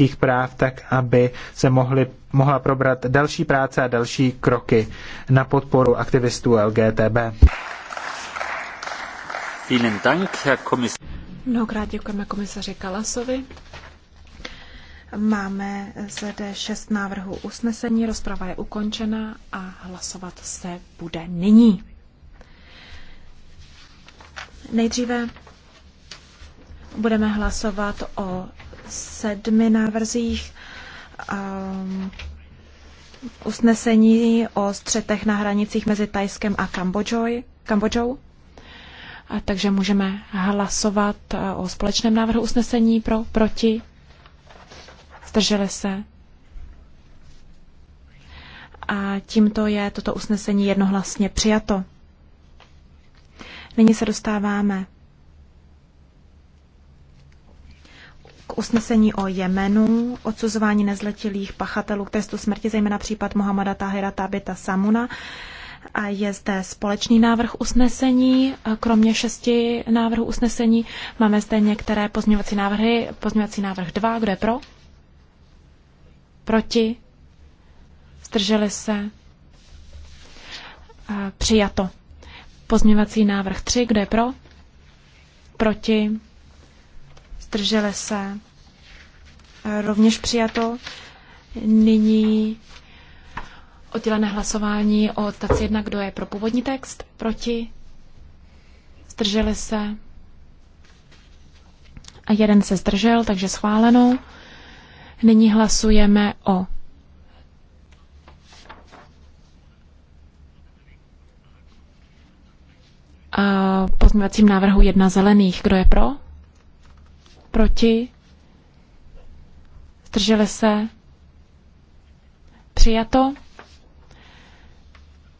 lidských práv, tak aby se mohly, mohla probrat další práce a další kroky na podporu aktivistů LGTB. Vielen Dank, Herr Kommissar. Mnohokrát děkujeme komisaři Kalasovi. Máme zde šest návrhů usnesení, rozprava je ukončena a hlasovat se bude nyní. Nejdříve budeme hlasovat o sedmi návrzích um, usnesení o střetech na hranicích mezi Tajskem a Kambodžoj, Kambodžou. A takže můžeme hlasovat uh, o společném návrhu usnesení pro, proti. Zdrželi se. A tímto je toto usnesení jednohlasně přijato. Nyní se dostáváme k usnesení o Jemenu, odsuzování nezletilých pachatelů k trestu smrti, zejména případ Mohamada Tahira Tabita Samuna. A je zde společný návrh usnesení, kromě šesti návrhů usnesení. Máme zde některé pozměňovací návrhy. Pozměňovací návrh 2, kdo je pro? Proti? Zdrželi se? Eh, přijato. Pozměňovací návrh 3, kdo je pro? Proti? zdrželi se rovněž přijato. Nyní oddělené hlasování o odstavci 1, kdo je pro původní text, proti, zdrželi se a jeden se zdržel, takže schváleno. Nyní hlasujeme o pozměvacím návrhu jedna zelených. Kdo je pro? Proti? Zdrželi se? Přijato.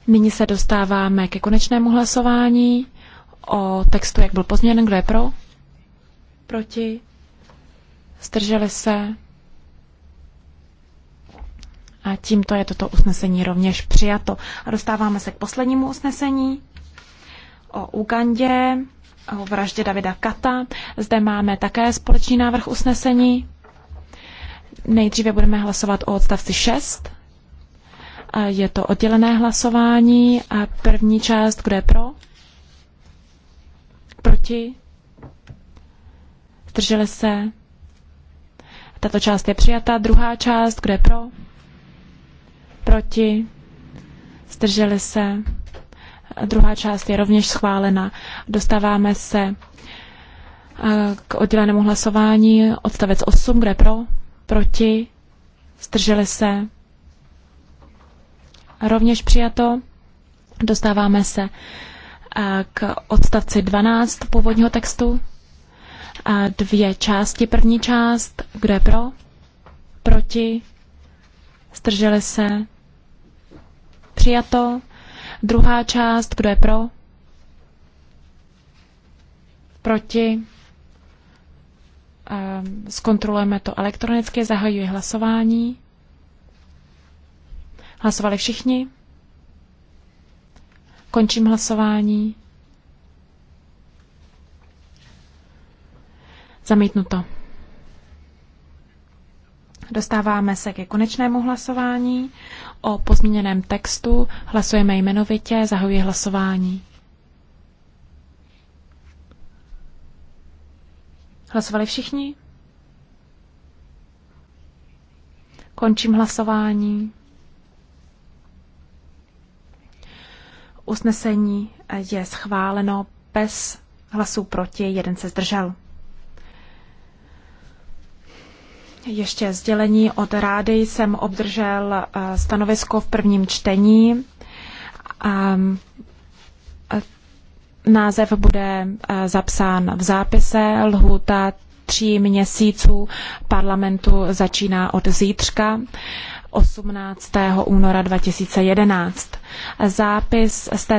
Nyní se dostáváme ke konečnému hlasování o textu, jak byl pozměněn. Kdo je pro? Proti? Zdrželi se? A tímto je toto usnesení rovněž přijato. A dostáváme se k poslednímu usnesení o Ugandě, o vraždě Davida Kata. Zde máme také společný návrh usnesení. Nejdříve budeme hlasovat o odstavci 6. Je to oddělené hlasování. A první část, kdo je pro? Proti? Zdrželi se? Tato část je přijata. Druhá část, kdo je pro? Proti? Zdrželi se? Druhá část je rovněž schválena. Dostáváme se k oddělenému hlasování odstavec 8, kde pro, proti, zdrželi se, rovněž přijato. Dostáváme se eh, k odstavci 12 původního textu. Eh, dvě části. První část, kdo je pro, proti, zdrželi se, přijato. Druhá část, kdo je pro, proti, Eh, zkontrolujeme to elektronicky, zahajuji hlasování. Hlasovali všichni? Končím hlasování. Zamítnuto. Dostáváme se ke konečnému hlasování. O pozměněném textu hlasujeme jmenovitě, zahajuji hlasování. Hlasovali všichni? Končím hlasování. Usnesení je schváleno bez hlasů proti, jeden se zdržel. Ještě sdělení od rády jsem obdržel eh, stanovisko v prvním čtení. Ehm, název bude eh, zapsán v zápise. Lhůta tří měsíců parlamentu začíná od zítřka. 18. února 2011. Zápis z té